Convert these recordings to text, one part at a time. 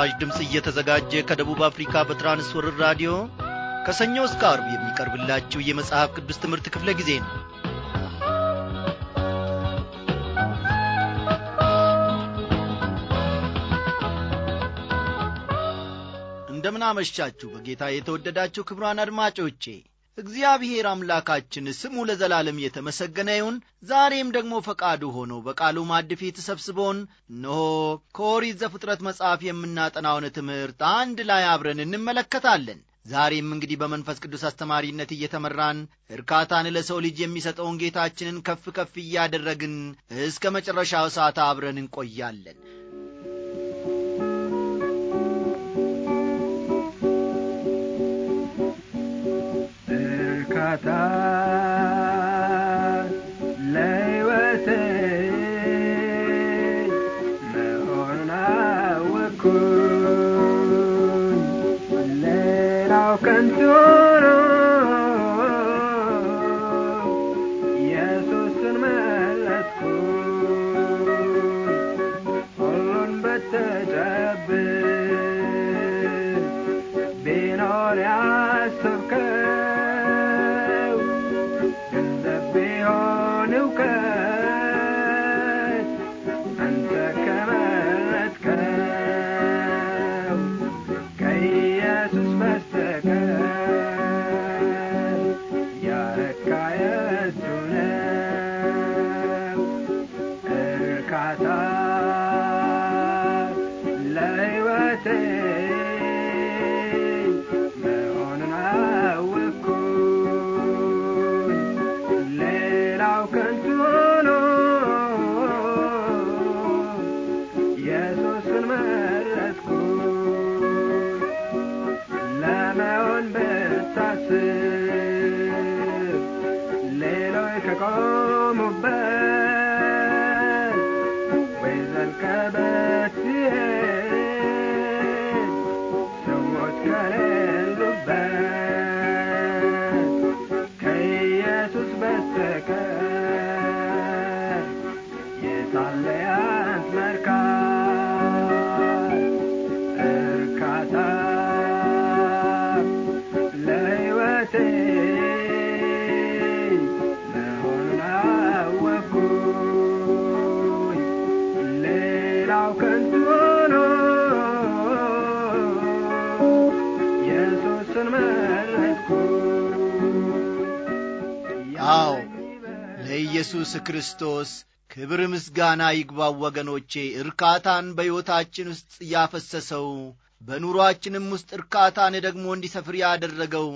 ለመስራች ድምፅ እየተዘጋጀ ከደቡብ አፍሪካ በትራንስወርር ራዲዮ ከሰኞ እስከ አርብ የሚቀርብላችሁ የመጽሐፍ ቅዱስ ትምህርት ክፍለ ጊዜ ነው እንደምን አመሻችሁ በጌታ የተወደዳችሁ ክብሯን አድማጮቼ እግዚአብሔር አምላካችን ስሙ ለዘላለም የተመሰገነ ይሁን። ዛሬም ደግሞ ፈቃዱ ሆኖ በቃሉ ማዕድ ፊት ተሰብስቦን እነሆ ከኦሪት ዘፍጥረት መጽሐፍ የምናጠናውን ትምህርት አንድ ላይ አብረን እንመለከታለን። ዛሬም እንግዲህ በመንፈስ ቅዱስ አስተማሪነት እየተመራን እርካታን ለሰው ልጅ የሚሰጠውን ጌታችንን ከፍ ከፍ እያደረግን እስከ መጨረሻው ሰዓት አብረን እንቆያለን። ta ኢየሱስ ክርስቶስ ክብር ምስጋና ይግባው። ወገኖቼ እርካታን በሕይወታችን ውስጥ ያፈሰሰው በኑሮአችንም ውስጥ እርካታን ደግሞ እንዲሰፍር ያደረገው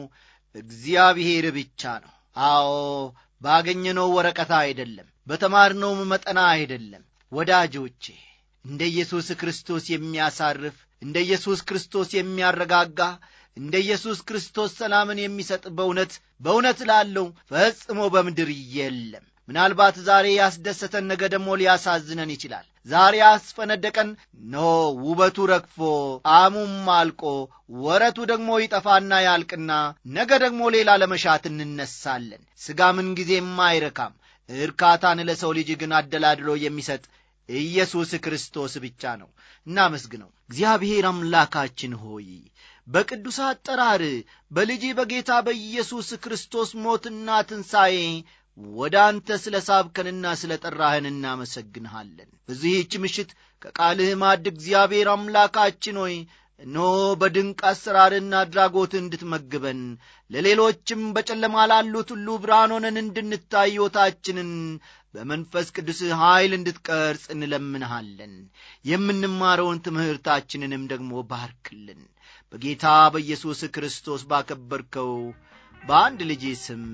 እግዚአብሔር ብቻ ነው። አዎ ባገኘነው ወረቀታ አይደለም፣ በተማርነውም መጠና አይደለም። ወዳጆቼ እንደ ኢየሱስ ክርስቶስ የሚያሳርፍ እንደ ኢየሱስ ክርስቶስ የሚያረጋጋ እንደ ኢየሱስ ክርስቶስ ሰላምን የሚሰጥ በእውነት በእውነት ላለው ፈጽሞ በምድር የለም። ምናልባት ዛሬ ያስደሰተን ነገ ደግሞ ሊያሳዝነን ይችላል። ዛሬ ያስፈነደቀን ኖ ውበቱ ረግፎ ጣዕሙም አልቆ ወረቱ ደግሞ ይጠፋና ያልቅና ነገ ደግሞ ሌላ ለመሻት እንነሳለን። ሥጋ ምንጊዜም አይረካም። እርካታን ለሰው ልጅ ግን አደላድሎ የሚሰጥ ኢየሱስ ክርስቶስ ብቻ ነው። እናመስግነው። እግዚአብሔር አምላካችን ሆይ በቅዱስ አጠራር በልጅ በጌታ በኢየሱስ ክርስቶስ ሞትና ትንሣኤ ወደ አንተ ስለ ሳብከንና ስለ ጠራህን እናመሰግንሃለን። በዚህች ምሽት ከቃልህ ማድ እግዚአብሔር አምላካችን ሆይ እነሆ በድንቅ አሰራርና አድራጎት እንድትመግበን ለሌሎችም በጨለማ ላሉት ሁሉ ብርሃን ሆነን እንድንታይ ሕይወታችንን በመንፈስ ቅዱስ ኃይል እንድትቀርጽ እንለምንሃለን። የምንማረውን ትምህርታችንንም ደግሞ ባርክልን። በጌታ በኢየሱስ ክርስቶስ ባከበርከው በአንድ ልጅ ስም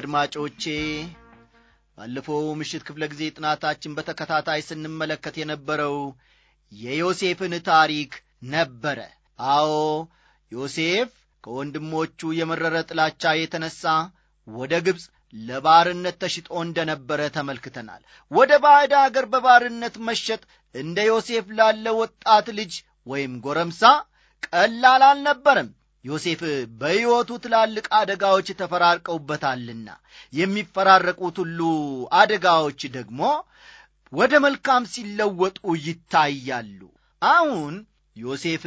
አድማጮቼ ባለፈው ምሽት ክፍለ ጊዜ ጥናታችን በተከታታይ ስንመለከት የነበረው የዮሴፍን ታሪክ ነበረ። አዎ ዮሴፍ ከወንድሞቹ የመረረ ጥላቻ የተነሣ ወደ ግብፅ ለባርነት ተሽጦ እንደ ነበረ ተመልክተናል። ወደ ባዕድ አገር በባርነት መሸጥ እንደ ዮሴፍ ላለ ወጣት ልጅ ወይም ጎረምሳ ቀላል አልነበረም። ዮሴፍ በሕይወቱ ትላልቅ አደጋዎች ተፈራርቀውበታልና የሚፈራረቁት ሁሉ አደጋዎች ደግሞ ወደ መልካም ሲለወጡ ይታያሉ። አሁን ዮሴፍ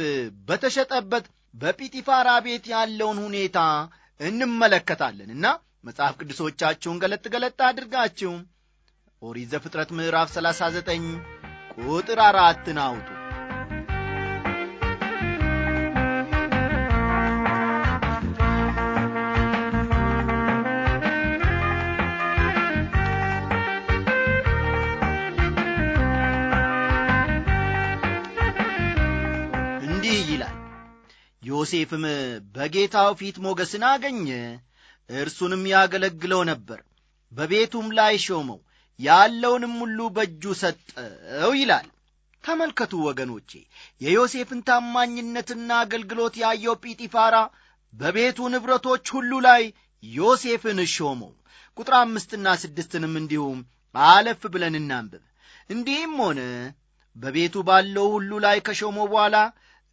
በተሸጠበት በጲጢፋራ ቤት ያለውን ሁኔታ እንመለከታለንና መጽሐፍ ቅዱሶቻችሁን ገለጥ ገለጥ አድርጋችሁ ኦሪዘ ፍጥረት ምዕራፍ 39 ቁጥር አራትን አውጡ። ዮሴፍም በጌታው ፊት ሞገስን አገኘ፣ እርሱንም ያገለግለው ነበር። በቤቱም ላይ ሾመው፣ ያለውንም ሁሉ በእጁ ሰጠው ይላል። ተመልከቱ ወገኖቼ፣ የዮሴፍን ታማኝነትና አገልግሎት ያየው ጲጢፋራ በቤቱ ንብረቶች ሁሉ ላይ ዮሴፍን ሾመው። ቁጥር አምስትና ስድስትንም እንዲሁም አለፍ ብለን እናንብብ። እንዲህም ሆነ በቤቱ ባለው ሁሉ ላይ ከሾመው በኋላ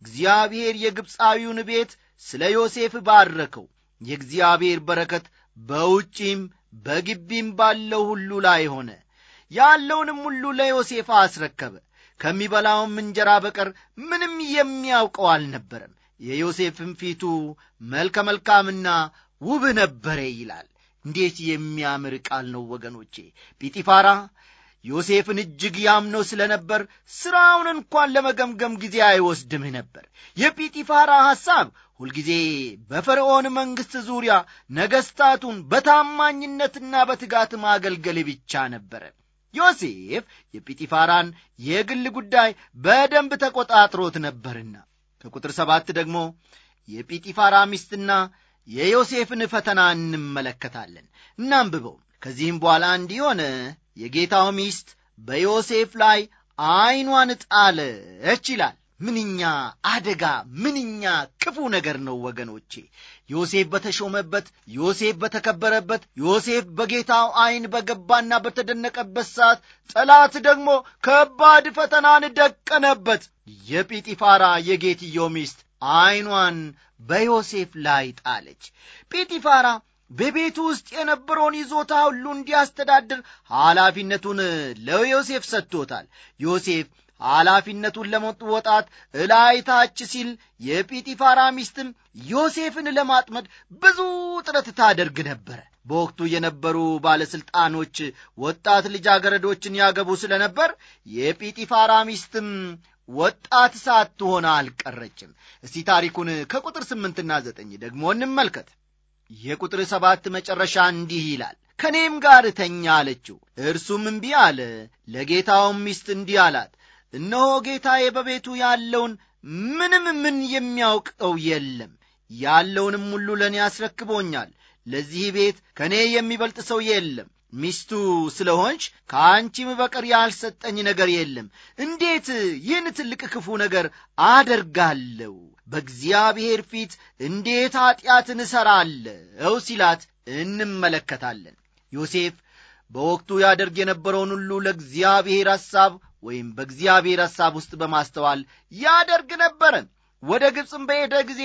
እግዚአብሔር የግብፃዊውን ቤት ስለ ዮሴፍ ባረከው። የእግዚአብሔር በረከት በውጪም በግቢም ባለው ሁሉ ላይ ሆነ። ያለውንም ሁሉ ለዮሴፍ አስረከበ። ከሚበላውም እንጀራ በቀር ምንም የሚያውቀው አልነበረም። የዮሴፍም ፊቱ መልከ መልካምና ውብ ነበረ ይላል። እንዴት የሚያምር ቃል ነው ወገኖቼ! ጲጢፋራ ዮሴፍን እጅግ ያምነው ስለ ነበር ሥራውን እንኳን ለመገምገም ጊዜ አይወስድም ነበር። የጲጢፋራ ሐሳብ ሁልጊዜ በፈርዖን መንግሥት ዙሪያ ነገሥታቱን በታማኝነትና በትጋት ማገልገል ብቻ ነበረ። ዮሴፍ የጲጢፋራን የግል ጉዳይ በደንብ ተቆጣጥሮት ነበርና። ከቁጥር ሰባት ደግሞ የጲጢፋራ ሚስትና የዮሴፍን ፈተና እንመለከታለን። እናንብበው። ከዚህም በኋላ እንዲህ ሆነ የጌታው ሚስት በዮሴፍ ላይ ዐይኗን ጣለች ይላል። ምንኛ አደጋ፣ ምንኛ ክፉ ነገር ነው ወገኖቼ። ዮሴፍ በተሾመበት፣ ዮሴፍ በተከበረበት፣ ዮሴፍ በጌታው ዐይን በገባና በተደነቀበት ሰዓት ጠላት ደግሞ ከባድ ፈተናን ደቀነበት። የጲጢፋራ የጌትዮ ሚስት ዐይኗን በዮሴፍ ላይ ጣለች። ጲጢፋራ በቤቱ ውስጥ የነበረውን ይዞታ ሁሉ እንዲያስተዳድር ኃላፊነቱን ለዮሴፍ ሰጥቶታል። ዮሴፍ ኃላፊነቱን ለመወጣት እላይታች ሲል የጲጢፋራ ሚስትም ዮሴፍን ለማጥመድ ብዙ ጥረት ታደርግ ነበረ። በወቅቱ የነበሩ ባለሥልጣኖች ወጣት ልጃገረዶችን ያገቡ ስለነበር የጲጢፋራ ሚስትም ወጣት ሳትሆን አልቀረችም። እስቲ ታሪኩን ከቁጥር ስምንትና ዘጠኝ ደግሞ እንመልከት። የቁጥር ሰባት መጨረሻ እንዲህ ይላል ከእኔም ጋር ተኛ አለችው። እርሱም እምቢ አለ። ለጌታውም ሚስት እንዲህ አላት፣ እነሆ ጌታዬ በቤቱ ያለውን ምንም ምን የሚያውቀው የለም፣ ያለውንም ሁሉ ለእኔ አስረክቦኛል። ለዚህ ቤት ከእኔ የሚበልጥ ሰው የለም። ሚስቱ ስለ ሆንች ከአንቺም በቀር ያልሰጠኝ ነገር የለም። እንዴት ይህን ትልቅ ክፉ ነገር አደርጋለሁ? በእግዚአብሔር ፊት እንዴት ኀጢአትን እሠራለሁ ሲላት እንመለከታለን። ዮሴፍ በወቅቱ ያደርግ የነበረውን ሁሉ ለእግዚአብሔር ሐሳብ ወይም በእግዚአብሔር ሐሳብ ውስጥ በማስተዋል ያደርግ ነበረ። ወደ ግብፅም በሄደ ጊዜ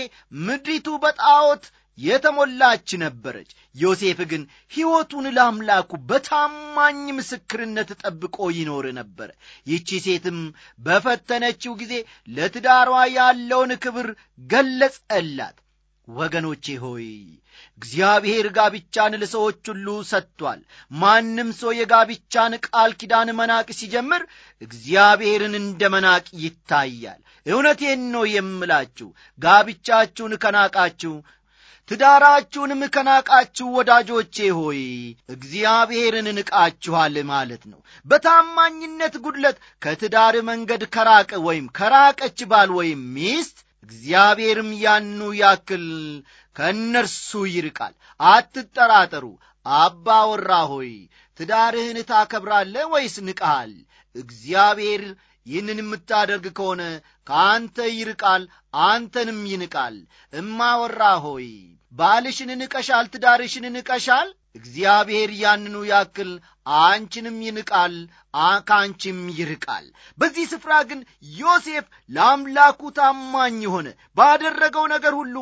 ምድሪቱ በጣዖት የተሞላች ነበረች። ዮሴፍ ግን ሕይወቱን ለአምላኩ በታማኝ ምስክርነት ጠብቆ ይኖር ነበረ። ይቺ ሴትም በፈተነችው ጊዜ ለትዳሯ ያለውን ክብር ገለጸላት። ወገኖቼ ሆይ እግዚአብሔር ጋብቻን ለሰዎች ሁሉ ሰጥቷል። ማንም ሰው የጋብቻን ቃል ኪዳን መናቅ ሲጀምር እግዚአብሔርን እንደ መናቅ ይታያል። እውነቴን ነው የምላችሁ፣ ጋብቻችሁን ከናቃችሁ ትዳራችሁንም ከናቃችሁ ወዳጆቼ ሆይ እግዚአብሔርን ንቃችኋል ማለት ነው። በታማኝነት ጒድለት ከትዳር መንገድ ከራቀ ወይም ከራቀች ባል ወይም ሚስት እግዚአብሔርም ያኑ ያክል ከእነርሱ ይርቃል። አትጠራጠሩ። አባወራ ሆይ ትዳርህን ታከብራለ ወይስ ንቀሃል? እግዚአብሔር ይህንን የምታደርግ ከሆነ ከአንተ ይርቃል፣ አንተንም ይንቃል። እማወራ ሆይ ባልሽን ንቀሻል፣ ትዳርሽን ንቀሻል። እግዚአብሔር ያንኑ ያክል አንቺንም ይንቃል፣ ከአንቺም ይርቃል። በዚህ ስፍራ ግን ዮሴፍ ለአምላኩ ታማኝ የሆነ ባደረገው ነገር ሁሉ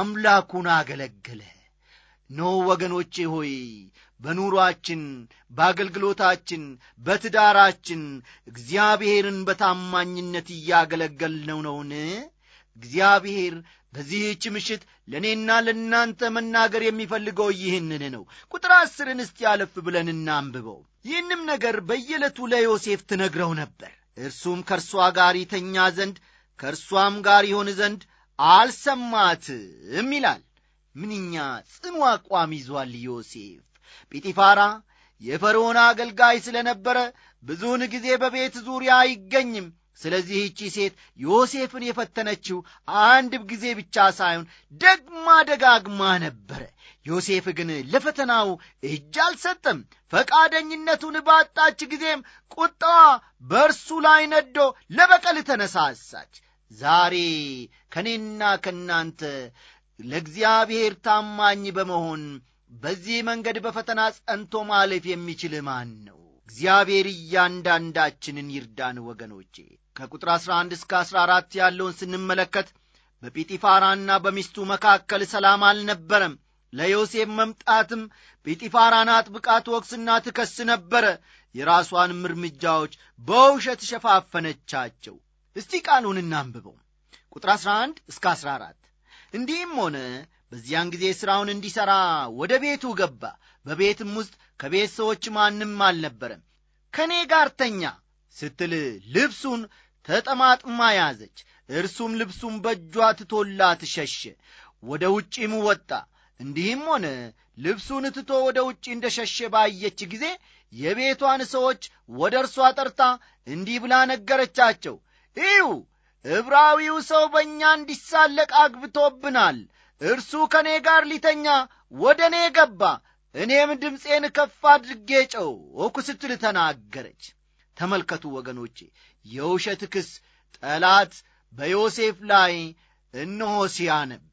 አምላኩን አገለገለ። ኖ ወገኖቼ ሆይ በኑሯችን በአገልግሎታችን፣ በትዳራችን እግዚአብሔርን በታማኝነት እያገለገልነው ነውን? እግዚአብሔር በዚህች ምሽት ለእኔና ለእናንተ መናገር የሚፈልገው ይህንን ነው። ቁጥር አስርን እስቲ አለፍ ብለን እናንብበው። ይህንም ነገር በየዕለቱ ለዮሴፍ ትነግረው ነበር። እርሱም ከእርሷ ጋር ይተኛ ዘንድ ከእርሷም ጋር ይሆን ዘንድ አልሰማትም ይላል። ምንኛ ጽኑ አቋም ይዟል ዮሴፍ! ጲጢፋራ የፈርዖን አገልጋይ ስለ ነበረ ብዙውን ጊዜ በቤት ዙሪያ አይገኝም። ስለዚህ ይቺ ሴት ዮሴፍን የፈተነችው አንድ ጊዜ ብቻ ሳይሆን ደግማ ደጋግማ ነበረ። ዮሴፍ ግን ለፈተናው እጅ አልሰጠም። ፈቃደኝነቱን ባጣች ጊዜም ቁጣዋ በእርሱ ላይ ነዶ ለበቀል ተነሳሳች። ዛሬ ከእኔና ከእናንተ ለእግዚአብሔር ታማኝ በመሆን በዚህ መንገድ በፈተና ጸንቶ ማለፍ የሚችል ማን ነው? እግዚአብሔር እያንዳንዳችንን ይርዳን። ወገኖቼ ከቁጥር 11 እስከ 14 ያለውን ስንመለከት በጲጢፋራና በሚስቱ መካከል ሰላም አልነበረም። ለዮሴፍ መምጣትም ጲጢፋራን አጥብቃ ትወቅስና ትከስ ነበረ። የራሷንም እርምጃዎች በውሸት ሸፋፈነቻቸው። እስቲ ቃሉን እናንብበው። ቁጥር 11 እስከ 14 እንዲህም ሆነ በዚያን ጊዜ ሥራውን እንዲሠራ ወደ ቤቱ ገባ። በቤትም ውስጥ ከቤት ሰዎች ማንም አልነበረም። ከእኔ ጋር ተኛ ስትል ልብሱን ተጠማጥማ ያዘች። እርሱም ልብሱን በእጇ ትቶላት ሸሸ። ወደ ውጪም ወጣ። እንዲህም ሆነ ልብሱን ትቶ ወደ ውጪ እንደ ሸሸ ባየች ጊዜ የቤቷን ሰዎች ወደ እርሷ ጠርታ እንዲህ ብላ ነገረቻቸው። እዩ ዕብራዊው ሰው በእኛ እንዲሳለቅ አግብቶብናል። እርሱ ከእኔ ጋር ሊተኛ ወደ እኔ ገባ፣ እኔም ድምፄን ከፍ አድርጌ ወኩ ስትል ተናገረች። ተመልከቱ ወገኖቼ፣ የውሸት ክስ ጠላት በዮሴፍ ላይ እነሆ ሲያነብ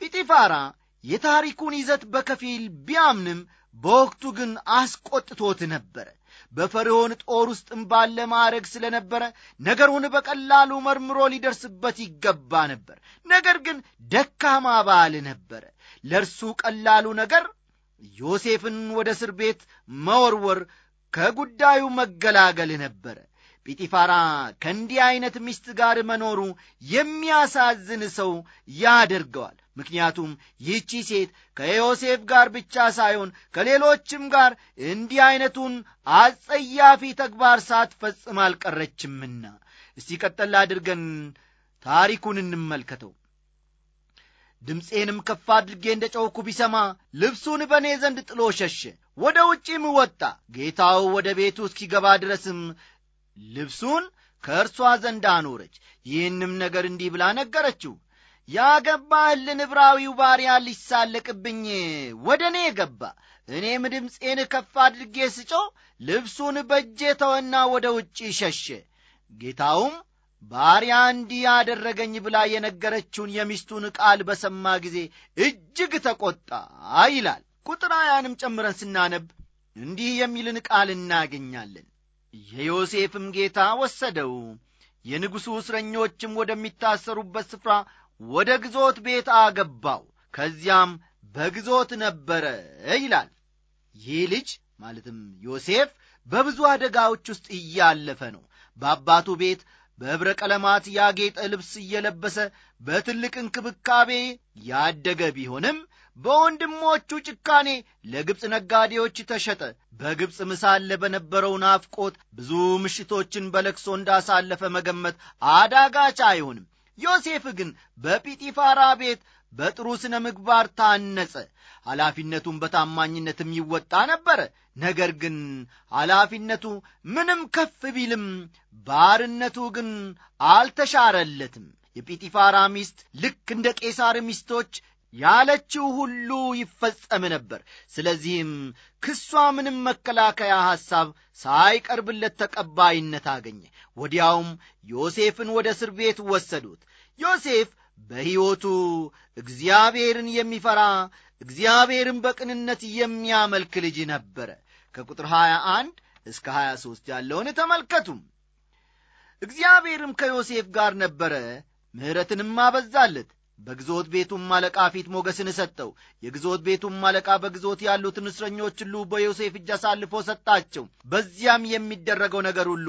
ጲጢፋራ የታሪኩን ይዘት በከፊል ቢያምንም በወቅቱ ግን አስቆጥቶት ነበረ። በፈርዖን ጦር ውስጥም ባለ ማዕረግ ስለነበረ ነገሩን በቀላሉ መርምሮ ሊደርስበት ይገባ ነበር። ነገር ግን ደካማ ባል ነበረ። ለእርሱ ቀላሉ ነገር ዮሴፍን ወደ እስር ቤት መወርወር፣ ከጉዳዩ መገላገል ነበረ። ጲጢፋራ ከእንዲህ ዐይነት ሚስት ጋር መኖሩ የሚያሳዝን ሰው ያደርገዋል። ምክንያቱም ይህቺ ሴት ከዮሴፍ ጋር ብቻ ሳይሆን ከሌሎችም ጋር እንዲህ ዐይነቱን አጸያፊ ተግባር ሳትፈጽም አልቀረችምና። እስቲ ቀጠል አድርገን ታሪኩን እንመልከተው። ድምፄንም ከፍ አድርጌ እንደ ጨውኩ ቢሰማ ልብሱን በእኔ ዘንድ ጥሎ ሸሸ፣ ወደ ውጪም ወጣ። ጌታው ወደ ቤቱ እስኪገባ ድረስም ልብሱን ከእርሷ ዘንድ አኖረች። ይህንም ነገር እንዲህ ብላ ነገረችው ያገባህልን ዕብራዊው ባሪያ ሊሳለቅብኝ ወደ እኔ ገባ። እኔም ድምፄን ከፍ አድርጌ ስጮ ልብሱን በእጄ ተወና ወደ ውጭ ሸሸ። ጌታውም ባሪያ እንዲህ ያደረገኝ ብላ የነገረችውን የሚስቱን ቃል በሰማ ጊዜ እጅግ ተቈጣ ይላል። ቁጥር ጨምረን ስናነብ እንዲህ የሚልን ቃል እናገኛለን። የዮሴፍም ጌታ ወሰደው፣ የንጉሡ እስረኞችም ወደሚታሰሩበት ስፍራ ወደ ግዞት ቤት አገባው፣ ከዚያም በግዞት ነበረ ይላል። ይህ ልጅ ማለትም ዮሴፍ በብዙ አደጋዎች ውስጥ እያለፈ ነው። በአባቱ ቤት በኅብረ ቀለማት ያጌጠ ልብስ እየለበሰ በትልቅ እንክብካቤ ያደገ ቢሆንም በወንድሞቹ ጭካኔ ለግብፅ ነጋዴዎች ተሸጠ። በግብፅ ምሳለ በነበረው ናፍቆት ብዙ ምሽቶችን በለክሶ እንዳሳለፈ መገመት አዳጋች አይሆንም። ዮሴፍ ግን በጲጢፋራ ቤት በጥሩ ሥነ ምግባር ታነጸ። ኃላፊነቱን በታማኝነትም ይወጣ ነበረ። ነገር ግን ኃላፊነቱ ምንም ከፍ ቢልም ባርነቱ ግን አልተሻረለትም። የጲጢፋራ ሚስት ልክ እንደ ቄሳር ሚስቶች ያለችው ሁሉ ይፈጸም ነበር። ስለዚህም ክሷ ምንም መከላከያ ሐሳብ ሳይቀርብለት ተቀባይነት አገኘ። ወዲያውም ዮሴፍን ወደ እስር ቤት ወሰዱት። ዮሴፍ በሕይወቱ እግዚአብሔርን የሚፈራ እግዚአብሔርን በቅንነት የሚያመልክ ልጅ ነበረ። ከቁጥር 21 እስከ 23 ያለውን ተመልከቱም። እግዚአብሔርም ከዮሴፍ ጋር ነበረ፣ ምሕረትንም አበዛለት በግዞት ቤቱም አለቃ ፊት ሞገስን ሰጠው። የግዞት ቤቱም አለቃ በግዞት ያሉትን እስረኞች ሁሉ በዮሴፍ እጅ አሳልፎ ሰጣቸው። በዚያም የሚደረገው ነገር ሁሉ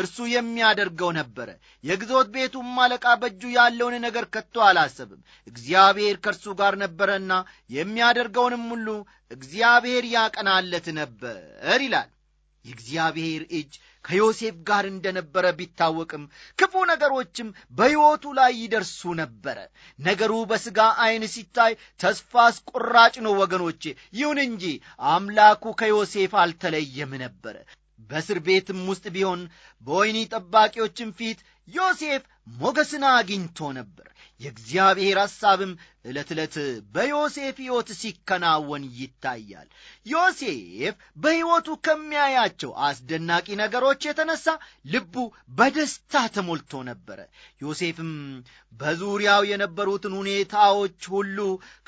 እርሱ የሚያደርገው ነበረ። የግዞት ቤቱም አለቃ በእጁ ያለውን ነገር ከቶ አላሰብም። እግዚአብሔር ከእርሱ ጋር ነበረና የሚያደርገውንም ሁሉ እግዚአብሔር ያቀናለት ነበር ይላል። የእግዚአብሔር እጅ ከዮሴፍ ጋር እንደነበረ ቢታወቅም ክፉ ነገሮችም በሕይወቱ ላይ ይደርሱ ነበረ። ነገሩ በሥጋ ዐይን ሲታይ ተስፋ አስቆራጭ ነው ወገኖቼ። ይሁን እንጂ አምላኩ ከዮሴፍ አልተለየም ነበረ። በእስር ቤትም ውስጥ ቢሆን በወይኒ ጠባቂዎችም ፊት ዮሴፍ ሞገስን አግኝቶ ነበር። የእግዚአብሔር ሐሳብም ዕለት ዕለት በዮሴፍ ሕይወት ሲከናወን ይታያል። ዮሴፍ በሕይወቱ ከሚያያቸው አስደናቂ ነገሮች የተነሳ ልቡ በደስታ ተሞልቶ ነበረ። ዮሴፍም በዙሪያው የነበሩትን ሁኔታዎች ሁሉ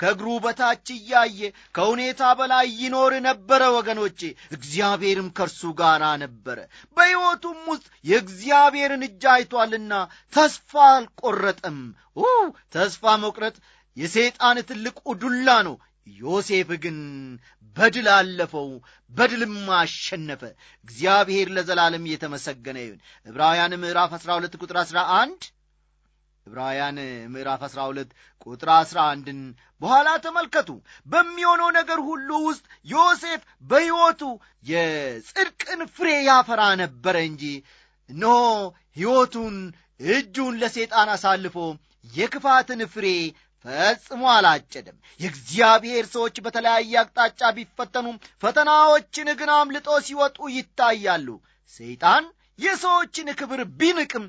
ከእግሩ በታች እያየ ከሁኔታ በላይ ይኖር ነበረ። ወገኖቼ እግዚአብሔርም ከእርሱ ጋር ነበረ። በሕይወቱም ውስጥ የእግዚአብሔርን እጅ አይቷልና ተስፋ አልቆረጠም። ተስፋ መቁረጥ የሰይጣን ትልቁ ዱላ ነው። ዮሴፍ ግን በድል አለፈው፣ በድልም አሸነፈ። እግዚአብሔር ለዘላለም እየተመሰገነ ይሁን። ዕብራውያን ምዕራፍ 12 ቁጥር 11 ዕብራውያን ምዕራፍ 12 ቁጥር 11ን በኋላ ተመልከቱ። በሚሆነው ነገር ሁሉ ውስጥ ዮሴፍ በሕይወቱ የጽድቅን ፍሬ ያፈራ ነበረ እንጂ እነሆ ሕይወቱን እጁን ለሰይጣን አሳልፎ የክፋትን ፍሬ ፈጽሞ አላጨደም። የእግዚአብሔር ሰዎች በተለያየ አቅጣጫ ቢፈተኑም ፈተናዎችን ግን አምልጦ ሲወጡ ይታያሉ። ሰይጣን የሰዎችን ክብር ቢንቅም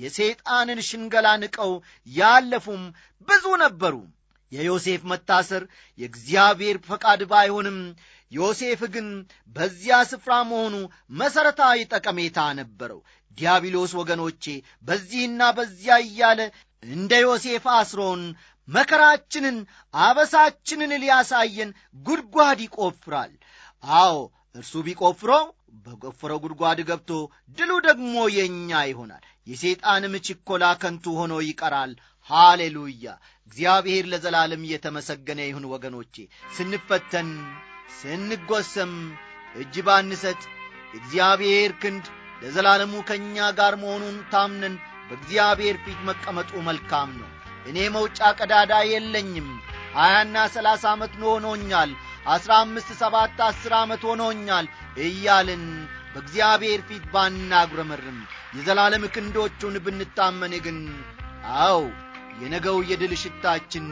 የሰይጣንን ሽንገላ ንቀው ያለፉም ብዙ ነበሩ። የዮሴፍ መታሰር የእግዚአብሔር ፈቃድ ባይሆንም ዮሴፍ ግን በዚያ ስፍራ መሆኑ መሠረታዊ ጠቀሜታ ነበረው። ዲያብሎስ ወገኖቼ በዚህና በዚያ እያለ እንደ ዮሴፍ አስሮን መከራችንን፣ አበሳችንን ሊያሳየን ጉድጓድ ይቆፍራል። አዎ እርሱ ቢቆፍሮ በቆፈረው ጉድጓድ ገብቶ ድሉ ደግሞ የእኛ ይሆናል። የሰይጣንም ችኮላ ከንቱ ሆኖ ይቀራል። ሃሌሉያ! እግዚአብሔር ለዘላለም እየተመሰገነ ይሁን። ወገኖቼ ስንፈተን ስንጐሰም እጅ ባንሰጥ እግዚአብሔር ክንድ ለዘላለሙ ከእኛ ጋር መሆኑን ታምነን በእግዚአብሔር ፊት መቀመጡ መልካም ነው። እኔ መውጫ ቀዳዳ የለኝም። ሀያና ሰላሳ ዓመት ሆኖኛል፣ ዐሥራ አምስት ሰባት ዐሥር ዓመት ሆኖኛል እያልን በእግዚአብሔር ፊት ባናጉረመርም የዘላለም ክንዶቹን ብንታመን ግን አው የነገው የድል ሽታችን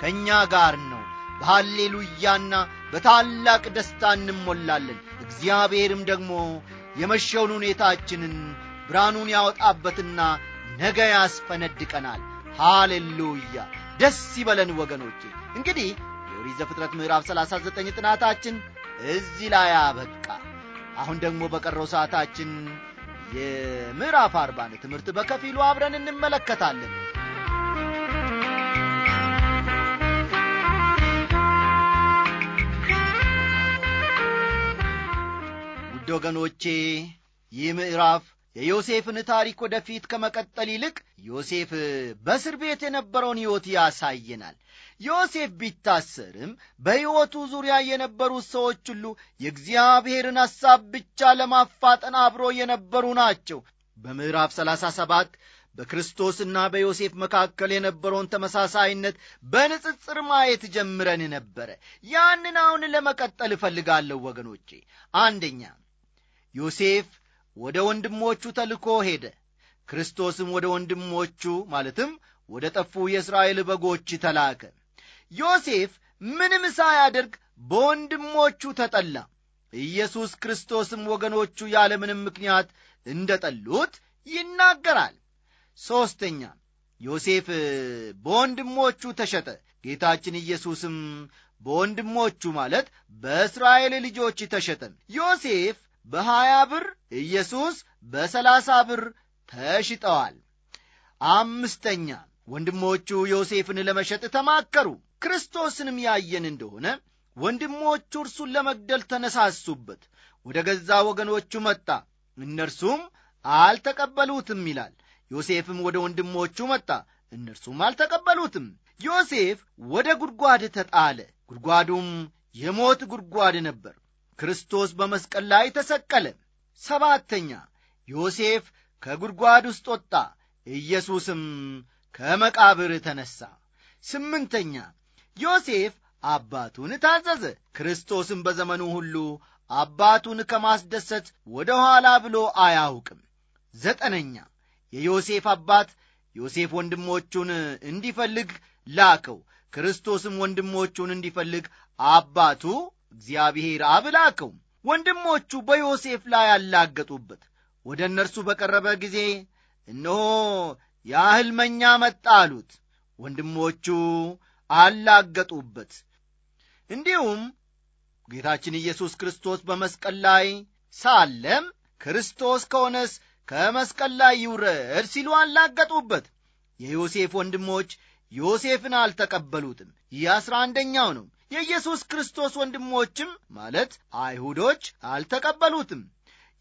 ከእኛ ጋር ነው። በሐሌሉያና በታላቅ ደስታ እንሞላለን እግዚአብሔርም ደግሞ የመሸውን ሁኔታችንን ብርሃኑን ያወጣበትና ነገ ያስፈነድቀናል ሃሌሉያ ደስ ይበለን ወገኖቼ እንግዲህ የኦሪት ዘፍጥረት ምዕራፍ 39 ጥናታችን እዚህ ላይ አበቃ አሁን ደግሞ በቀረው ሰዓታችን የምዕራፍ አርባን ትምህርት በከፊሉ አብረን እንመለከታለን ውድ ወገኖቼ ይህ ምዕራፍ የዮሴፍን ታሪክ ወደፊት ከመቀጠል ይልቅ ዮሴፍ በእስር ቤት የነበረውን ሕይወት ያሳየናል። ዮሴፍ ቢታሰርም በሕይወቱ ዙሪያ የነበሩት ሰዎች ሁሉ የእግዚአብሔርን ሐሳብ ብቻ ለማፋጠን አብሮ የነበሩ ናቸው። በምዕራፍ ሰላሳ ሰባት በክርስቶስና በዮሴፍ መካከል የነበረውን ተመሳሳይነት በንጽጽር ማየት ጀምረን ነበረ። ያንን አሁን ለመቀጠል እፈልጋለሁ ወገኖቼ። አንደኛ ዮሴፍ ወደ ወንድሞቹ ተልኮ ሄደ። ክርስቶስም ወደ ወንድሞቹ ማለትም ወደ ጠፉ የእስራኤል በጎች ተላከ። ዮሴፍ ምንም ሳያደርግ በወንድሞቹ ተጠላ። ኢየሱስ ክርስቶስም ወገኖቹ ያለምንም ምክንያት እንደ ጠሉት ይናገራል። ሦስተኛ ዮሴፍ በወንድሞቹ ተሸጠ። ጌታችን ኢየሱስም በወንድሞቹ ማለት በእስራኤል ልጆች ተሸጠ። ዮሴፍ በሀያ ብር ኢየሱስ በሰላሳ ብር ተሽጠዋል። አምስተኛ ወንድሞቹ ዮሴፍን ለመሸጥ ተማከሩ። ክርስቶስንም ያየን እንደሆነ ወንድሞቹ እርሱን ለመግደል ተነሳሱበት። ወደ ገዛ ወገኖቹ መጣ፣ እነርሱም አልተቀበሉትም ይላል። ዮሴፍም ወደ ወንድሞቹ መጣ፣ እነርሱም አልተቀበሉትም። ዮሴፍ ወደ ጉድጓድ ተጣለ፣ ጉድጓዱም የሞት ጉድጓድ ነበር። ክርስቶስ በመስቀል ላይ ተሰቀለ። ሰባተኛ ዮሴፍ ከጉድጓድ ውስጥ ወጣ፣ ኢየሱስም ከመቃብር ተነሣ። ስምንተኛ ዮሴፍ አባቱን ታዘዘ፣ ክርስቶስም በዘመኑ ሁሉ አባቱን ከማስደሰት ወደ ኋላ ብሎ አያውቅም። ዘጠነኛ የዮሴፍ አባት ዮሴፍ ወንድሞቹን እንዲፈልግ ላከው፣ ክርስቶስም ወንድሞቹን እንዲፈልግ አባቱ እግዚአብሔር አብ ላከው። ወንድሞቹ በዮሴፍ ላይ አላገጡበት ወደ እነርሱ በቀረበ ጊዜ እነሆ ያ መጣ አሉት። ወንድሞቹ አላገጡበት። እንዲሁም ጌታችን ኢየሱስ ክርስቶስ በመስቀል ላይ ሳለም ክርስቶስ ከሆነስ ከመስቀል ላይ ይውረድ ሲሉ አላገጡበት። የዮሴፍ ወንድሞች ዮሴፍን አልተቀበሉትም። ይህ አሥራ አንደኛው ነው። የኢየሱስ ክርስቶስ ወንድሞችም ማለት አይሁዶች አልተቀበሉትም።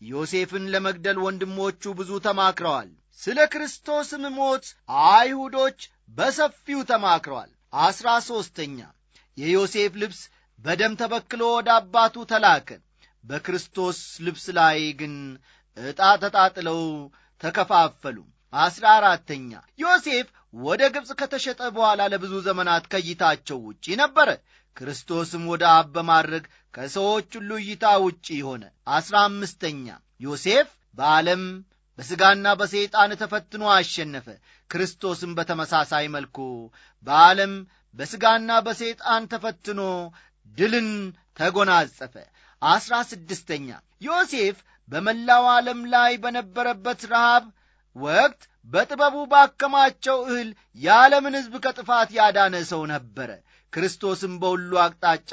ዮሴፍን ለመግደል ወንድሞቹ ብዙ ተማክረዋል። ስለ ክርስቶስም ሞት አይሁዶች በሰፊው ተማክረዋል። አሥራ ሦስተኛ የዮሴፍ ልብስ በደም ተበክሎ ወደ አባቱ ተላከ። በክርስቶስ ልብስ ላይ ግን ዕጣ ተጣጥለው ተከፋፈሉ። አሥራ አራተኛ ዮሴፍ ወደ ግብፅ ከተሸጠ በኋላ ለብዙ ዘመናት ከይታቸው ውጪ ነበረ። ክርስቶስም ወደ አብ በማድረግ ከሰዎች ሁሉ እይታ ውጪ ሆነ። አሥራ አምስተኛ ዮሴፍ በዓለም በሥጋና በሰይጣን ተፈትኖ አሸነፈ። ክርስቶስም በተመሳሳይ መልኩ በዓለም በሥጋና በሰይጣን ተፈትኖ ድልን ተጎናጸፈ። አሥራ ስድስተኛ ዮሴፍ በመላው ዓለም ላይ በነበረበት ረሃብ ወቅት በጥበቡ ባከማቸው እህል የዓለምን ሕዝብ ከጥፋት ያዳነ ሰው ነበረ። ክርስቶስም በሁሉ አቅጣጫ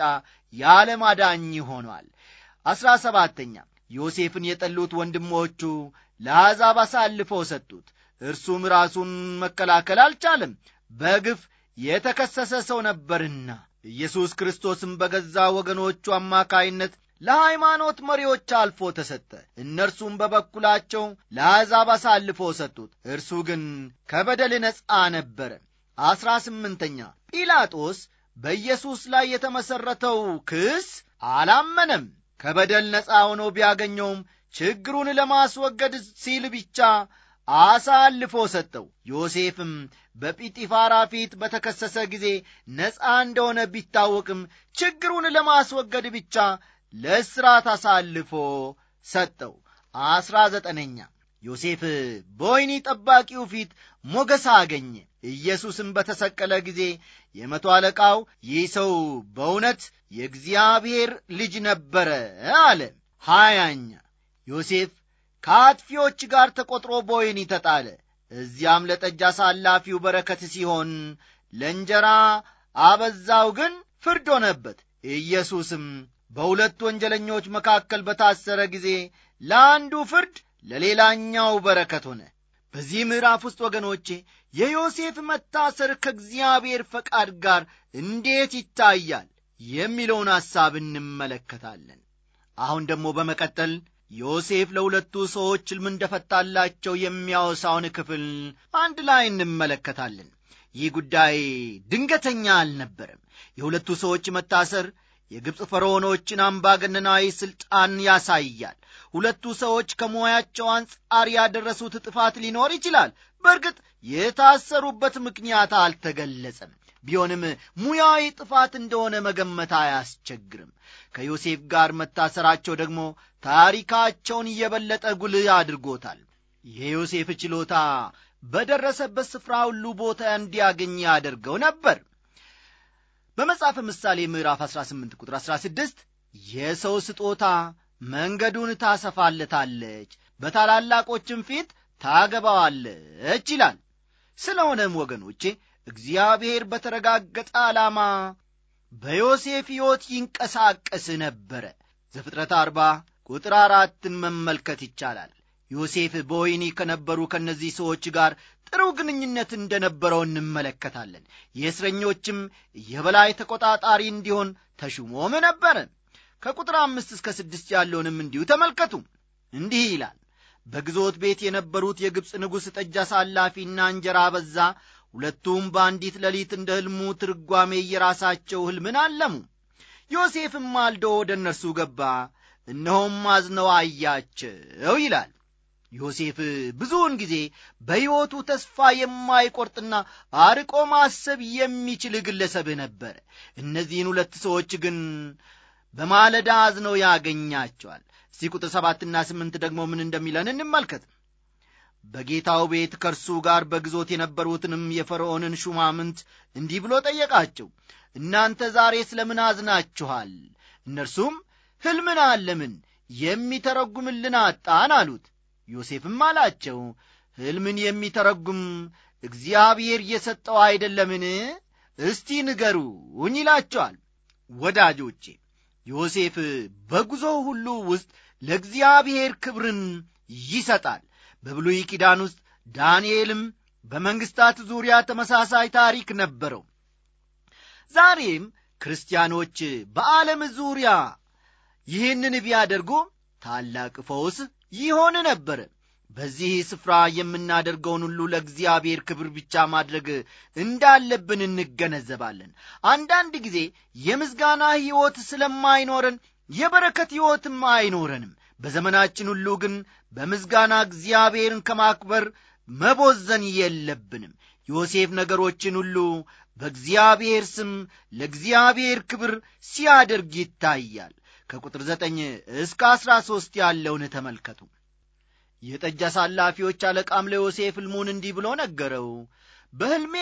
የዓለም አዳኝ ሆኗል። አሥራ ሰባተኛ ዮሴፍን የጠሉት ወንድሞቹ ለአሕዛብ አሳልፎ ሰጡት። እርሱም ራሱን መከላከል አልቻለም፣ በግፍ የተከሰሰ ሰው ነበርና። ኢየሱስ ክርስቶስም በገዛ ወገኖቹ አማካይነት ለሃይማኖት መሪዎች አልፎ ተሰጠ። እነርሱም በበኩላቸው ለአሕዛብ አሳልፎ ሰጡት። እርሱ ግን ከበደል ነፃ ነበረ። አሥራ ስምንተኛ ጲላጦስ በኢየሱስ ላይ የተመሠረተው ክስ አላመነም። ከበደል ነፃ ሆኖ ቢያገኘውም ችግሩን ለማስወገድ ሲል ብቻ አሳልፎ ሰጠው። ዮሴፍም በጲጢፋራ ፊት በተከሰሰ ጊዜ ነፃ እንደሆነ ቢታወቅም ችግሩን ለማስወገድ ብቻ ለእስራት አሳልፎ ሰጠው። አስራ ዘጠነኛ ዮሴፍ በወይኒ ጠባቂው ፊት ሞገሳ አገኘ። ኢየሱስም በተሰቀለ ጊዜ የመቶ አለቃው ይህ ሰው በእውነት የእግዚአብሔር ልጅ ነበረ አለ። ሀያኛ ዮሴፍ ከአጥፊዎች ጋር ተቈጥሮ በወይኒ ተጣለ። እዚያም ለጠጅ አሳላፊው በረከት ሲሆን ለእንጀራ አበዛው ግን ፍርድ ሆነበት። ኢየሱስም በሁለት ወንጀለኞች መካከል በታሰረ ጊዜ ለአንዱ ፍርድ ለሌላኛው በረከት ሆነ። በዚህ ምዕራፍ ውስጥ ወገኖቼ የዮሴፍ መታሰር ከእግዚአብሔር ፈቃድ ጋር እንዴት ይታያል የሚለውን ሐሳብ እንመለከታለን። አሁን ደግሞ በመቀጠል ዮሴፍ ለሁለቱ ሰዎች ልም እንደፈታላቸው የሚያወሳውን ክፍል አንድ ላይ እንመለከታለን። ይህ ጉዳይ ድንገተኛ አልነበረም። የሁለቱ ሰዎች መታሰር የግብፅ ፈርዖኖችን አምባገነናዊ ሥልጣን ያሳያል። ሁለቱ ሰዎች ከሙያቸው አንጻር ያደረሱት ጥፋት ሊኖር ይችላል። በእርግጥ የታሰሩበት ምክንያት አልተገለጸም። ቢሆንም ሙያዊ ጥፋት እንደሆነ መገመት አያስቸግርም። ከዮሴፍ ጋር መታሰራቸው ደግሞ ታሪካቸውን እየበለጠ ጉልህ አድርጎታል። የዮሴፍ ችሎታ በደረሰበት ስፍራ ሁሉ ቦታ እንዲያገኝ ያደርገው ነበር። በመጽሐፈ ምሳሌ ምዕራፍ 18 ቁጥር 16 የሰው ስጦታ መንገዱን ታሰፋለታለች፣ በታላላቆችም ፊት ታገባዋለች ይላል። ስለሆነም ወገኖቼ እግዚአብሔር በተረጋገጠ ዓላማ በዮሴፍ ሕይወት ይንቀሳቀስ ነበረ። ዘፍጥረት አርባ ቁጥር አራትን መመልከት ይቻላል። ዮሴፍ በወይኒ ከነበሩ ከእነዚህ ሰዎች ጋር ጥሩ ግንኙነት እንደነበረው እንመለከታለን። የእስረኞችም የበላይ ተቆጣጣሪ እንዲሆን ተሹሞም ነበረን። ከቁጥር አምስት እስከ ስድስት ያለውንም እንዲሁ ተመልከቱ እንዲህ ይላል በግዞት ቤት የነበሩት የግብፅ ንጉሥ ጠጅ አሳላፊና እንጀራ በዛ ሁለቱም በአንዲት ሌሊት እንደ ሕልሙ ትርጓሜ የራሳቸው ሕልምን አለሙ ዮሴፍም ማልዶ ወደ እነርሱ ገባ እነሆም አዝነው አያቸው ይላል ዮሴፍ ብዙውን ጊዜ በሕይወቱ ተስፋ የማይቆርጥና አርቆ ማሰብ የሚችል ግለሰብ ነበር እነዚህን ሁለት ሰዎች ግን በማለዳ አዝነው ያገኛቸዋል። እስቲ ቁጥር ሰባትና ስምንት ደግሞ ምን እንደሚለን እንመልከት። በጌታው ቤት ከእርሱ ጋር በግዞት የነበሩትንም የፈርዖንን ሹማምንት እንዲህ ብሎ ጠየቃቸው፣ እናንተ ዛሬ ምን አዝናችኋል? እነርሱም ሕልምን አለምን የሚተረጉምልን አጣን አሉት። ዮሴፍም አላቸው ሕልምን የሚተረጉም እግዚአብሔር የሰጠው አይደለምን? እስቲ ንገሩኝ ይላቸዋል። ወዳጆቼ ዮሴፍ በጉዞ ሁሉ ውስጥ ለእግዚአብሔር ክብርን ይሰጣል። በብሉይ ኪዳን ውስጥ ዳንኤልም በመንግሥታት ዙሪያ ተመሳሳይ ታሪክ ነበረው። ዛሬም ክርስቲያኖች በዓለም ዙሪያ ይህንን ቢያደርጉ ታላቅ ፈውስ ይሆን ነበር። በዚህ ስፍራ የምናደርገውን ሁሉ ለእግዚአብሔር ክብር ብቻ ማድረግ እንዳለብን እንገነዘባለን። አንዳንድ ጊዜ የምዝጋና ሕይወት ስለማይኖረን የበረከት ሕይወትም አይኖረንም። በዘመናችን ሁሉ ግን በምዝጋና እግዚአብሔርን ከማክበር መቦዘን የለብንም። ዮሴፍ ነገሮችን ሁሉ በእግዚአብሔር ስም ለእግዚአብሔር ክብር ሲያደርግ ይታያል። ከቁጥር ዘጠኝ እስከ አሥራ ሦስት ያለውን ተመልከቱ። የጠጅ አሳላፊዎች አለቃም ለዮሴፍ ሕልሙን እንዲህ ብሎ ነገረው። በሕልሜ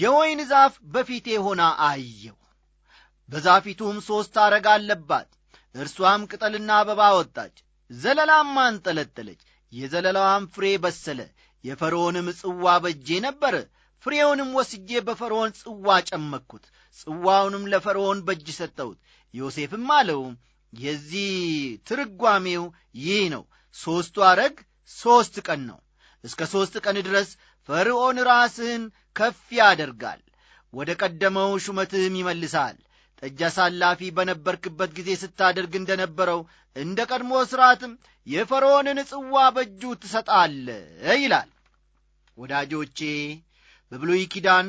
የወይን ዛፍ በፊቴ ሆና አየው በዛፊቱም ሦስት አረግ አለባት። እርሷም ቅጠልና አበባ ወጣች ዘለላም አንጠለጠለች። የዘለላዋም ፍሬ በሰለ። የፈርዖንም ጽዋ በጄ ነበር። ፍሬውንም ወስጄ በፈርዖን ጽዋ ጨመኩት ጽዋውንም ለፈርዖን በጅ ሰጠሁት። ዮሴፍም አለው የዚህ ትርጓሜው ይህ ነው ሦስቱ አረግ ሦስት ቀን ነው። እስከ ሦስት ቀን ድረስ ፈርዖን ራስህን ከፍ ያደርጋል፣ ወደ ቀደመው ሹመትህም ይመልሳል። ጠጅ አሳላፊ በነበርክበት ጊዜ ስታደርግ እንደ ነበረው እንደ ቀድሞ ሥርዓትም የፈርዖንን ጽዋ በእጁ ትሰጣለ ይላል። ወዳጆቼ በብሉይ ኪዳን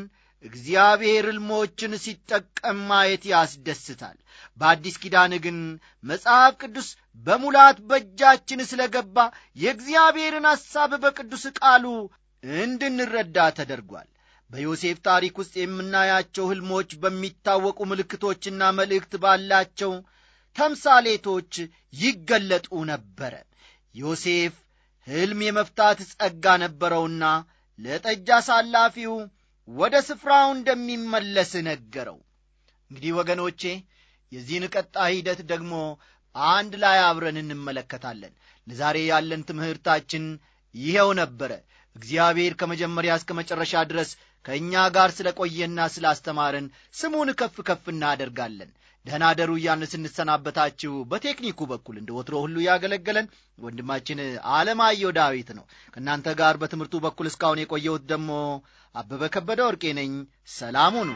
እግዚአብሔር ዕልሞችን ሲጠቀም ማየት ያስደስታል። በአዲስ ኪዳን ግን መጽሐፍ ቅዱስ በሙላት በእጃችን ስለገባ የእግዚአብሔርን ሐሳብ በቅዱስ ቃሉ እንድንረዳ ተደርጓል። በዮሴፍ ታሪክ ውስጥ የምናያቸው ሕልሞች በሚታወቁ ምልክቶችና መልእክት ባላቸው ተምሳሌቶች ይገለጡ ነበረ። ዮሴፍ ሕልም የመፍታት ጸጋ ነበረውና ለጠጅ አሳላፊው ወደ ስፍራው እንደሚመለስ ነገረው። እንግዲህ ወገኖቼ የዚህን ቀጣይ ሂደት ደግሞ አንድ ላይ አብረን እንመለከታለን። ለዛሬ ያለን ትምህርታችን ይኸው ነበረ። እግዚአብሔር ከመጀመሪያ እስከ መጨረሻ ድረስ ከእኛ ጋር ስለ ቆየና ስላስተማረን ስሙን ከፍ ከፍ እናደርጋለን። ደህና ደሩ እያን ስንሰናበታችሁ በቴክኒኩ በኩል እንደ ወትሮ ሁሉ ያገለገለን ወንድማችን አለማየሁ ዳዊት ነው ከእናንተ ጋር በትምህርቱ በኩል እስካሁን የቆየሁት ደግሞ አበበ ከበደ ወርቄ ነኝ ሰላሙኑ